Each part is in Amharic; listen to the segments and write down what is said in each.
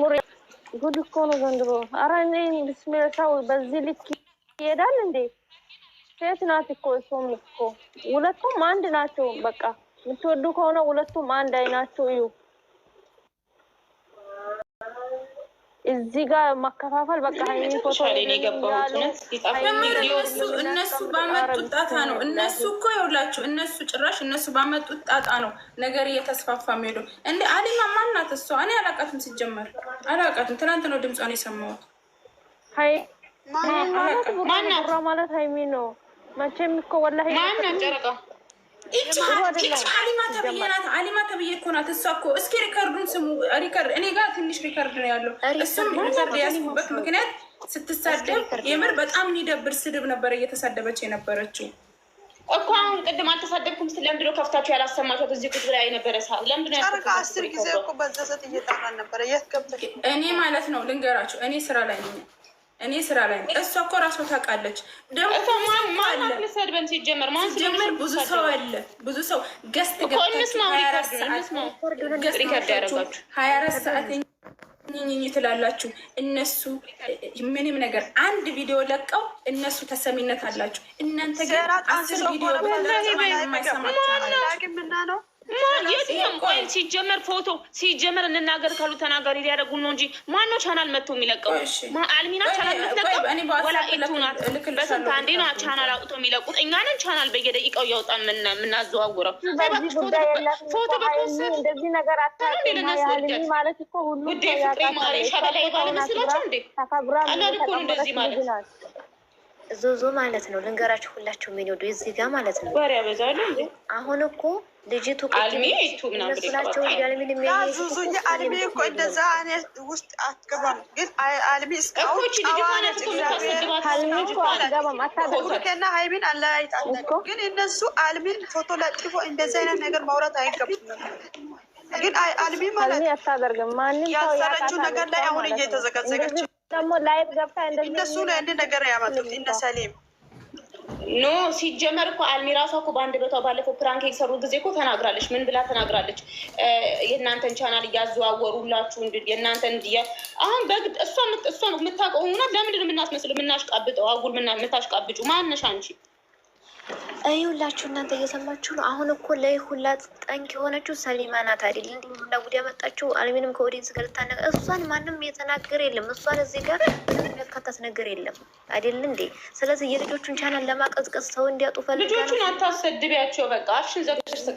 ሙሪ ጉድ እኮ ነው ዘንድሮ። አረ እኔ ሰው በዚህ ልክ ይሄዳል እንዴ? ሴት ናት እኮ እሱም እኮ ሁለቱም አንድ ናቸው። በቃ የምትወዱ ከሆነ ሁለቱም አንድ አይናቸው እዩ። እዚህ ጋር ማከፋፈል በቃ እነሱ ባመጡት ጣጣ ነው። እነሱ እኮ ይኸውላችሁ፣ እነሱ ጭራሽ እነሱ ባመጡት ጣጣ ነው ነገር እየተስፋፋ የሚሄደው። እንደ አሊማ ማናት እሷ? እኔ አላውቃትም፣ ሲጀመር አላውቃትም። ትናንት ነው ድምጿን የሰማሁት። ማናት ማለት ሀይሚ ነው መቼም እኮ ወላሂ ማናት ጨረቃ አሊማ ተብዬ ናት። አሊማ ተብዬ እኮ ናት እሷ እኮ። እስኪ ሪከርዱን ስሙ። እኔ ጋር ትንሽ ሪከርድ ነው ያለው። እሱም ሪከርድ ያስኩበት ምክንያት ስትሳደብ የምር በጣም የሚደብር ስድብ ነበር እየተሳደበች የነበረችው እኮ። አሁን ቅድም አልተሳደብኩም ስትል ለምንድን ነው ከፍታችሁ ያላሰማችኋት? እዚህ ቁጭ ብላ የነበረ ሰዓት ለምንድን ነው አስር ጊዜ እኮ በዛ እየጠራን ነበረ። እኔ ማለት ነው ልንገራችሁ፣ እኔ ስራ ላይ ነኝ እኔ ስራ ላይ እሷ እኮ ራሷ ታውቃለች። ደግሞማለሰድበን ሲጀመር ሲጀመር ብዙ ሰው አለ ብዙ ሰው ገስት ሀያ አራት ሰዓት ኝኝ ትላላችሁ። እነሱ ምንም ነገር አንድ ቪዲዮ ለቀው እነሱ ተሰሚነት አላችሁ። እናንተ ገራ ቪዲዮ ነው የትኛውም ቆይ፣ ሲጀመር ፎቶ ሲጀመር እንናገር ካሉ ተናጋሪ ሊያደርጉን ነው እንጂ ማነው ቻናል መጥቶ የሚለቀው? አልሚና ቻናል የምትለቀው ወላ ኢቱ ናት። በስንት አንዴ ነው ቻናል አውጥቶ የሚለቁት። እኛንን ቻናል በየደቂቃው እያወጣ የምናዘዋውረው ፎቶ በኮንሰርት ፍቅሬ ማሬ ሸበላይ ባለ እንዴ ቀላል እኮ ነው እንደዚህ ማለት ዞዞ ማለት ነው። ልንገራችሁ ሁላችሁ የሚንወዱ የዚህ ጋር ማለት ነው። አሁን እኮ ልጅቱ አልሚ እኮ እንደዛ እኔ ውስጥ አትገባም። ግን አልሚ ሀይሚን ግን እነሱ አልሚን ፎቶ ለጥፎ አይነት ነገር ማውራት አይገባም። ግን አልሚ ማለት አታደርግም። ያሰረችው ነገር ላይ አሁን እየተዘጋዘገች ደግሞ ገብታ እንደሱ ነው አንድ ነገር ያመጡት እነ ሰሊም ኖ ሲጀመር እኮ አልሚ ራሷ እኮ በአንድ ቦታ ባለፈው ፕራንክ የሰሩ ጊዜ እኮ ተናግራለች። ምን ብላ ተናግራለች? የእናንተን ቻናል እያዘዋወሩላችሁ የእናንተን አሁን በግድ እሷ እሷ የምታውቀው ሆና ለምንድን ነው የምናስመስለው? የምናሽቃብጠው አጉል የምታሽቃብጩ ማነሽ አንቺ? ይሁላችሁ እናንተ እየሰማችሁ ነው። አሁን እኮ ላይ ሁላ ጠንክ የሆነችው ሰሊማ ናት አይደል? እንዲህ ሁላ ጉድ ያመጣችው አልሚንም ከኦዲንስ ጋር ልታነቀ እሷን ማንም የተናገር የለም። እሷን እዚህ ጋር ምንም የሚያካታት ነገር የለም አይደል እንዴ? ስለዚህ የልጆቹን ቻናል ለማቀዝቀዝ ሰው እንዲያጡ ፈልጋ ልጆቹን አታሰድቢያቸው። በቃ አሽን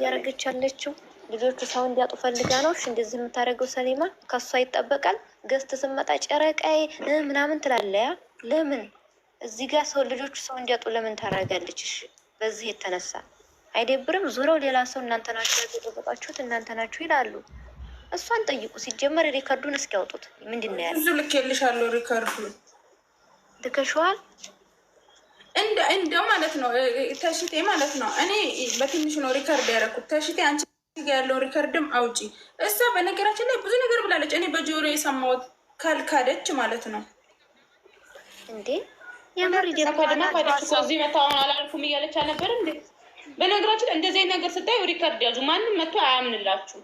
ዘያደረገች ያለችው ልጆቹ ሰው እንዲያጡ ፈልጋ ነው። እሺ እንደዚህ የምታደርገው ሰሊማ ከእሷ ይጠበቃል። ገዝት ስመጣ ጨረቃዬ ምናምን ትላለያ። ለምን እዚህ ጋር ሰው ልጆቹ ሰው እንዲያጡ ለምን ታደርጋለች? በዚህ የተነሳ አይደብርም? ዙረው ሌላ ሰው እናንተ ናችሁ ያልተጠበቃችሁት እናንተ ናችሁ ይላሉ። እሷን ጠይቁ። ሲጀመር ሪከርዱን እስኪያወጡት ምንድን ነው ያለ ልኬልሻለሁ። ሪከርዱን ልከሽዋል እንደ ማለት ነው ተሽቴ ማለት ነው። እኔ በትንሽ ነው ሪከርድ ያደረኩት። ተሽቴ አንቺ ያለው ሪከርድም አውጪ። እሷ በነገራችን ላይ ብዙ ነገር ብላለች። እኔ በጆሮ የሰማሁት ካልካደች ማለት ነው እንዴ እዚህ መታወን አላልኩም እያለች አልነበር እንዴ? በነገራችን እንደዚህ ነገር ስታይ ሪከርድ ያዙ። ማንም መቶ አያምንላችሁ።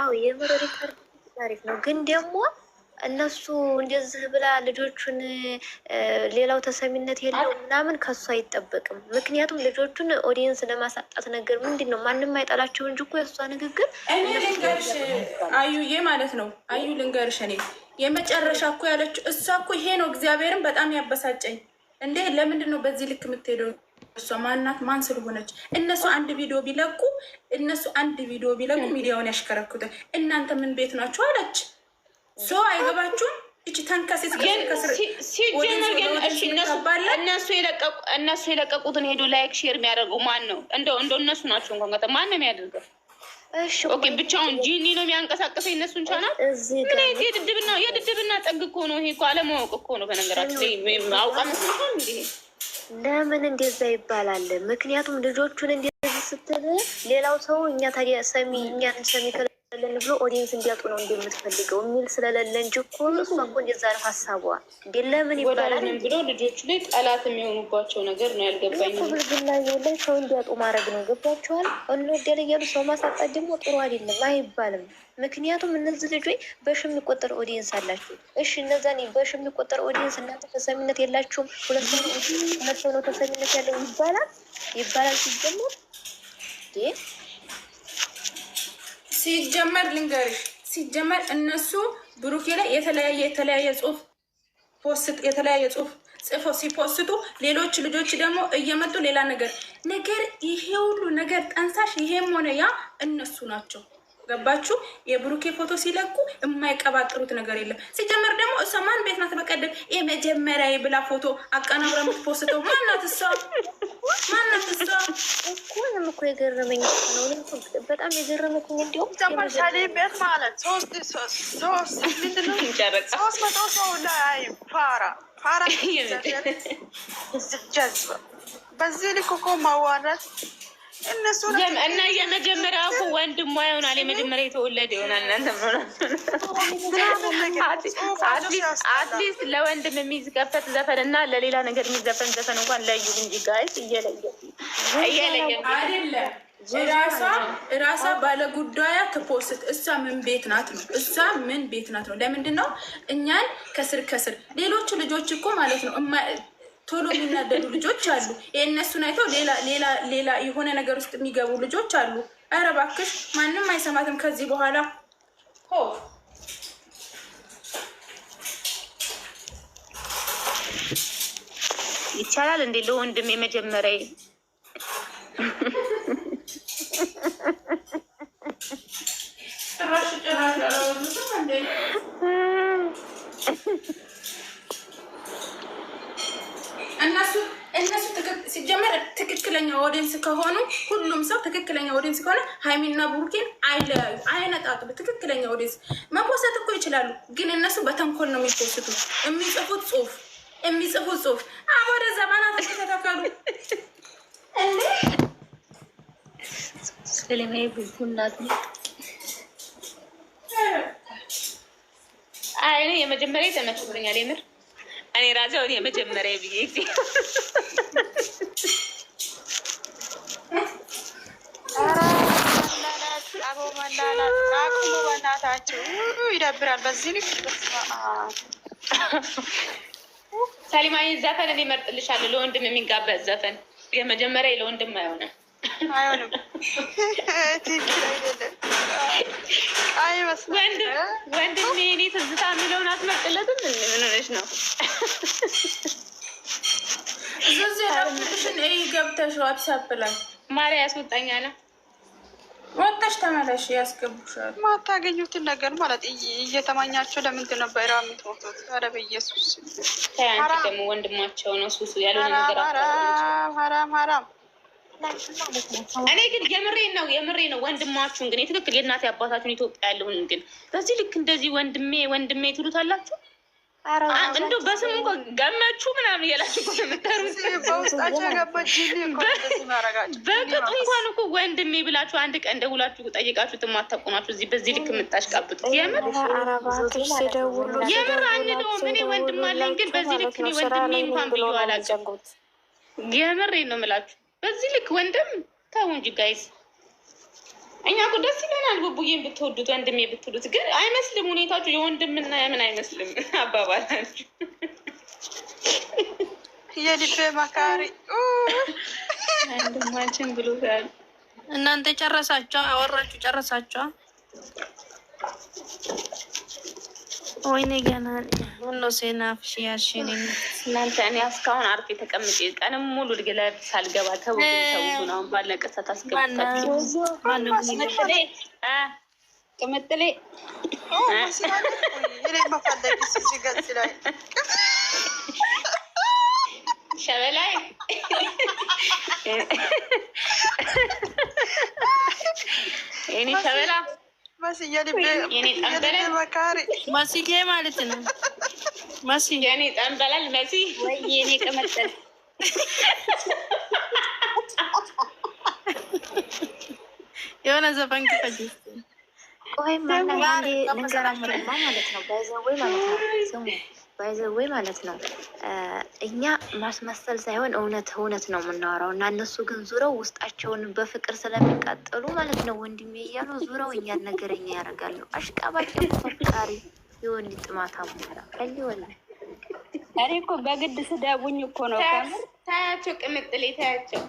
አዎ የምር ሪከርድ ታሪክ ነው። ግን ደግሞ እነሱ እንደዚህ ብላ ልጆቹን ሌላው ተሰሚነት የለው ምናምን ከሱ አይጠበቅም። ምክንያቱም ልጆቹን ኦዲየንስ ለማሳጣት ነገር ምንድን ነው ማንም አይጠላቸው እንጂ እኮ የእሷ ንግግር አዩዬ ማለት ነው። አዩ ልንገርሽ እኔ የመጨረሻ እኮ ያለችው እሷ እኮ ይሄ ነው። እግዚአብሔርን በጣም ያበሳጨኝ እንዴ! ለምንድን ነው በዚህ ልክ የምትሄደው? እሷ ማናት? ማን ስለሆነች? እነሱ አንድ ቪዲዮ ቢለቁ እነሱ አንድ ቪዲዮ ቢለቁ ሚዲያውን ያሽከረክሩታል። እናንተ ምን ቤት ናችሁ አለች። ሶ አይገባችሁም። እቺ ተንከሴት ሲጀመር ግን እነሱ የለቀቁትን ሄዶ ላይክ ሼር የሚያደርገው ማን ነው? እንደው እንደው እነሱ ናቸው እንኳን ማን ነው የሚያደርገው? ኦኬ ብቻውን ጂኒ ነው የሚያንቀሳቀሰ እነሱን ቻናል። ምን አይነት የድድብና የድድብና ጠግ እኮ ነው ይሄ እኮ አለማወቅ እኮ ነው። በነገራችን ላይ አውቃ መስሎሻል። እንዲ ለምን እንደዛ ይባላል? ምክንያቱም ልጆቹን እንደዚህ ስትል ሌላው ሰው እኛ ታዲያ ሰሚ እኛን ሰሚ ለን ብሎ ኦዲየንስ እንዲያጡ ነው እንደምትፈልገው የሚል ስለሌለ እንጂ እኮ እሷ እኮ እንደዛ ነው ሀሳቧ። እንደ ለምን ይባላል ብሎ ልጆቹ ላይ ጠላት የሚሆኑባቸው ነገር ነው ያልገባኝ። ብልግና ላይ ሰው እንዲያጡ ማድረግ ነው ገባቸዋል። እንወደል እያሉ ሰው ማሳጣት ደግሞ ጥሩ አይደለም፣ አይባልም። ምክንያቱም እነዚህ ልጆች በሺ የሚቆጠር ኦዲየንስ አላቸው። እሺ እነዛን በሺ የሚቆጠር ኦዲየንስ እናንተ ተሰሚነት የላችሁም፣ ሁለት ሁለት ሆነው ተሰሚነት ያለው ይባላል ይባላል ሲጀመር ሲጀመር ልንገርሽ፣ ሲጀመር እነሱ ብሩኬ ላይ የተለያየ የተለያየ ጽሁፍ ፖስት የተለያየ ጽሁፍ ጽፎ ሲፖስቱ ሌሎች ልጆች ደግሞ እየመጡ ሌላ ነገር ነገር ይሄ ሁሉ ነገር ጠንሳሽ ይሄም ሆነ ያ እነሱ ናቸው። ገባችሁ? የብሩኬ ፎቶ ሲለቁ የማይቀባጥሩት ነገር የለም። ሲጀመር ደግሞ እሷ ማን ቤት ናት? በቀደም የመጀመሪያ የብላ ፎቶ አቀናብረ የምትፖስተው ማናት? እሷ ማናት? እሷ እኮ እኔም እኮ የገረመኝ ነው። በጣም የገረመኝ እንዲሁም ሳሌ ቤት ማለት ሶስት ሶስት ምንድን ነው ሶስት መቶ ሰው ላይ ፋራ ፋራ ጀዝበ በዚህ ልክ እኮ ማዋረት እና የመጀመሪያው እኮ ወንድሟ ይሆናል። የመጀመሪያ የተወለደ ይሆናል። አትሊስት ለወንድም የሚዝገፈት ዘፈን እና ለሌላ ነገር የሚዘፈን ዘፈን እንኳን ለዩ እንጂ ጋይስ እየለየ እየለየ አይደለም። ራሷ ራሷ ባለ ጉዳያ ትፖስት። እሷ ምን ቤት ናት ነው? እሷ ምን ቤት ናት ነው? ለምንድን ነው እኛን ከስር ከስር ሌሎቹ ልጆች እኮ ማለት ነው ቶሎ የሚናደዱ ልጆች አሉ። የእነሱን አይተው ሌላ ሌላ የሆነ ነገር ውስጥ የሚገቡ ልጆች አሉ። ኧረ እባክሽ ማንም አይሰማትም ከዚህ በኋላ ሆ ይቻላል እንዴ? ለወንድም የመጀመሪያ ጭራሽ ጭራሽ ኦዲየንስ ከሆኑ ሁሉም ሰው ትክክለኛ ኦዲየንስ ከሆነ ሀይሚና ብሩኬን አይለያዩ፣ አይነጣጥሉ። ትክክለኛ ኦዲየንስ መፖሰት እኮ ይችላሉ፣ ግን እነሱ በተንኮል ነው የሚፖስቱ። የሚጽፉት ጽሁፍ የሚጽፉት ጽሁፍ አሞደ ዘመናት ተተከሉ እንዴ እኔ የመጀመሪያ ተመችቶኛል። የምር እኔ ራሴ የመጀመሪያ ብዬ ጊዜ አበው መላላት ይደብራል። በዚህ ልክ ዘፈን እኔ ለወንድም የሚጋበዝ ዘፈን የመጀመሪያ ለወንድም አይሆንም፣ ወንድም ትዝታ የሚለውን አትመርጥለትም? ምን ነው? ገብተሽ ዋትሳፕ ላይ ወጥተሽ ተመለሽ፣ ያስገቡሻል። ማታገኙትን ነገር ማለት እየተማኛቸው ለምንድን ነው በራ የምትሞቱት? ኧረ በኢየሱስ ደግሞ ወንድማቸው ነው ሱሱ ያለው ነገር እኔ ግን የምሬ ነው የምሬ ነው። ወንድማችሁን ግን የትክክል የእናቴ አባታችሁን ኢትዮጵያ ያለሁን ግን በዚህ ልክ እንደዚህ ወንድሜ ወንድሜ ትሉታላችሁ እንዲሁ በስሙ እኮ ገመቹ ምናምን እያላችሁ እኮ ነው የምትጠሩት። በቅጡ እንኳን እኮ ወንድሜ ብላችሁ አንድ ቀን ደውላችሁ ጠይቃችሁ የማታውቁ ናችሁ። እዚህ በዚህ ልክ የምታሽቃብጡት የምር የምር አንለውም። እኔ ወንድም አለኝ፣ ግን በዚህ ልክ እኔ ወንድሜ እንኳን ብዬ አላውቅም። የምሬን ነው የምላችሁ። በዚህ ልክ ወንድም ተው እንጂ ጋይስ እኛ እኮ ደስ ይለናል ቡቡዬን ብትወዱት ወንድሜ ብትወዱት፣ ግን አይመስልም ሁኔታችሁ የወንድምና የምን አይመስልም አባባላችሁ። የልቤ መካሪ ወንድማችን ብሎታል። እናንተ ጨረሳችሁ? አወራችሁ? ጨረሳችሁ? ወይኔ ገና ሁኖ ሴናፍሽ ያሽን እናንተ እኔ እስካሁን አርፌ ተቀምጬ ቀንም ሙሉ ድግለት ሳልገባ ተው ተው ነው ባለቀ ቅምጥሌ ሸበላይ እኔ ሸበላ መስዬ ማለት ነው። መሲ የኔ ጠንበላል መሲ ወይ የኔ ቅምጥል የሆነ ዘፈን ክፈጅ ቆይ ልንገራቸው ማለት ነው። ባይዘዌ ማለት ነው። ስሙ ባይዘዌ ማለት ነው። እኛ ማስመሰል ሳይሆን እውነት እውነት ነው የምናወራው እና እነሱ ግን ዙረው ውስጣቸውን በፍቅር ስለሚቃጠሉ ማለት ነው ወንድሜ እያሉ ዙረው እኛን ነገረኛ ያደርጋሉ። አሽቃባቸው ፈጣሪ የወንድ ጥማታ ከሊ ወላ እኔ እኮ በግድ ስደቡኝ እኮ ነው። ታያቸው ቅምጥሌ ታያቸው።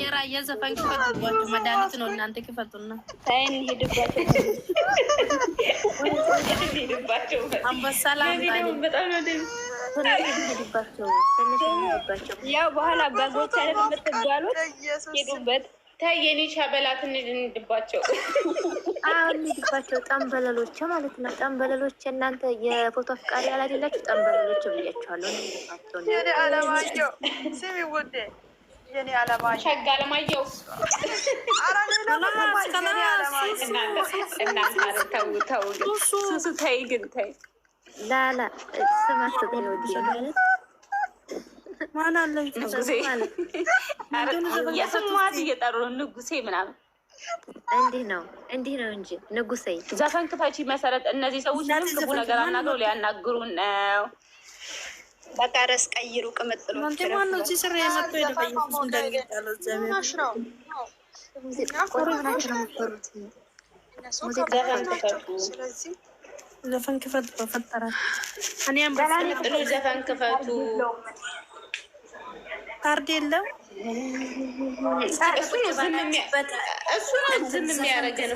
የራ የዘፈን ክፈቱባቸው መድኃኒት ነው። እናንተ ክፈቱና ታይ እንሄድባቸው። ያው በኋላ በጎቻ ለምትባሉት ሄዱበት ታይ የኔ ሻበላት እንድንድባቸው እንድባቸው ጠንበለሎች ማለት ነው። ጠንበለሎች እናንተ የፎቶ አፍቃሪ ያላደላችሁ ጠንበለሎች ብያቸዋለሁ። አለማየሁ ስሚ ውዴ፣ የኔ አለማየሁ ሸጋ አለማየሁ ተው ግን ተይ ላላ ስማቸው ማለት የስሟት እየጠሩ ንጉሴ ምናምን እንዲህ ነው እንዲህ ነው እንጂ ንጉሴ ዘፈን ክፈቺ መሰረት እነዚህ ሰዎች ክቡ ነገር አናግረው ሊያናግሩ ነው። በቃ ረስ ቀይሩ ዘፈን ክፈቱ ካርድ የለም። ዝም የሚያደርገን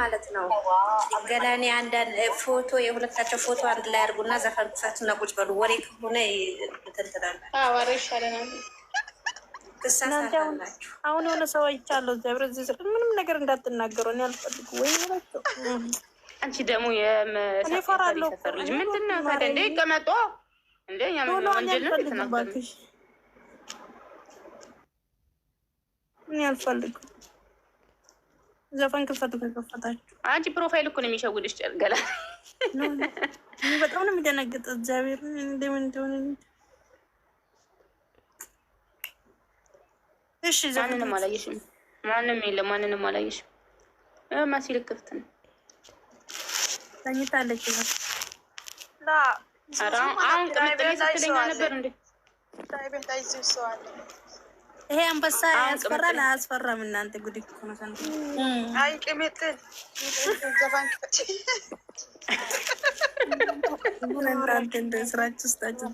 ማለት ነው። ገላኒ አንዳንድ ፎቶ የሁለታቸው ፎቶ አንድ ላይ አድርጉና ዘፈን ክፈቱና ቁጭ በሉ። ወሬ ከሆነ እንትን አሁን የሆነ ሰው አይቻለሁ። ዘብረ ምንም ነገር እንዳትናገሩ እኔ አልፈልግም። ወይ አንቺ ደግሞ የምፈራለሁ ልጅ ምንድን ነው ታዲያ እንደ ይቀመጡ እንደ ወንጀል ነው የተናገሩ እኔ አልፈልግም። ዘፈን ክፈቱ ከከፈታችሁ። አንቺ ፕሮፋይል እኮ ነው የሚሸውድሽ። ጨርገላ በጣም ነው የሚደነግጥ። እግዚአብሔር እንደምን እንደሆነ እሺ። ማንንም አላየሽም። ማንም የለም። ማንንም አላየሽም። መሲል ክፍት ነው። ተኝታለች። አሁን ቅምጥ ላይ ስትለኛ ነበር እንዴ? ይሄ አንበሳ ያስፈራ አያስፈራም? እናንተ ጉድ እኮ እንደ ስራችሁ ስታችሁ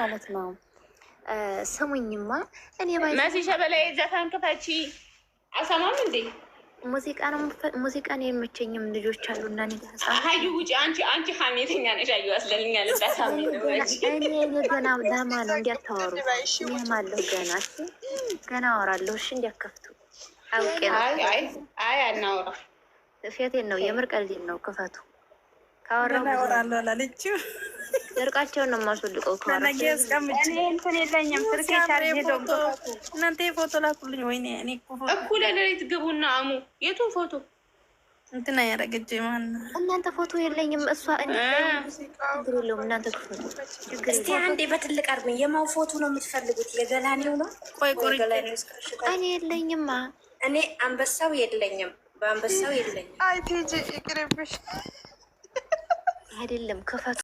ማለት ነው። ስሙኝማ እኔ ባይ መሲ ሸበላ የዘፈን ክፈቺ አሰማም እንዴ ሙዚቃ ነው ሙዚቃ ነው የመቸኝም ልጆች አሉ እና ሀዩ ውጭ አንቺ አንቺ ሀሜተኛ ነሽ። አዩ አስለልኛለች። እኔ ገና ላማ ነው እንዲያታወሩ ማለሁ ገና ገና አወራለሁ። እሺ እንዲያከፍቱ አውቄ ነው። አይ አናወራ ሴቴን ነው የምር ቀልዴን ነው። ክፈቱ ካወራ አወራለሁ አላለችም ጨርቃቸውን ነው የማስወልቀው። እኔ እንትን የለኝም ስልኬ ቻርጅ እናንተ የፎቶ ላኩልኝ። ወይኔ እኔ እኩለ ሌሊት ግቡና አሙ የቱን ፎቶ እንትና ያረገጀ ማን እናንተ ፎቶ የለኝም። እሷ ችግር እናንተ ፎቶ እስቲ አንዴ በትልቅ አድርጉኝ። የማው ፎቶ ነው የምትፈልጉት? የገላኔው ነው። ቆይ ቆይ እኔ የለኝማ። እኔ አንበሳው የለኝም። በአንበሳው የለኝም። አይ ቴጂ ይቅርብሽ። አይደለም ክፈቱ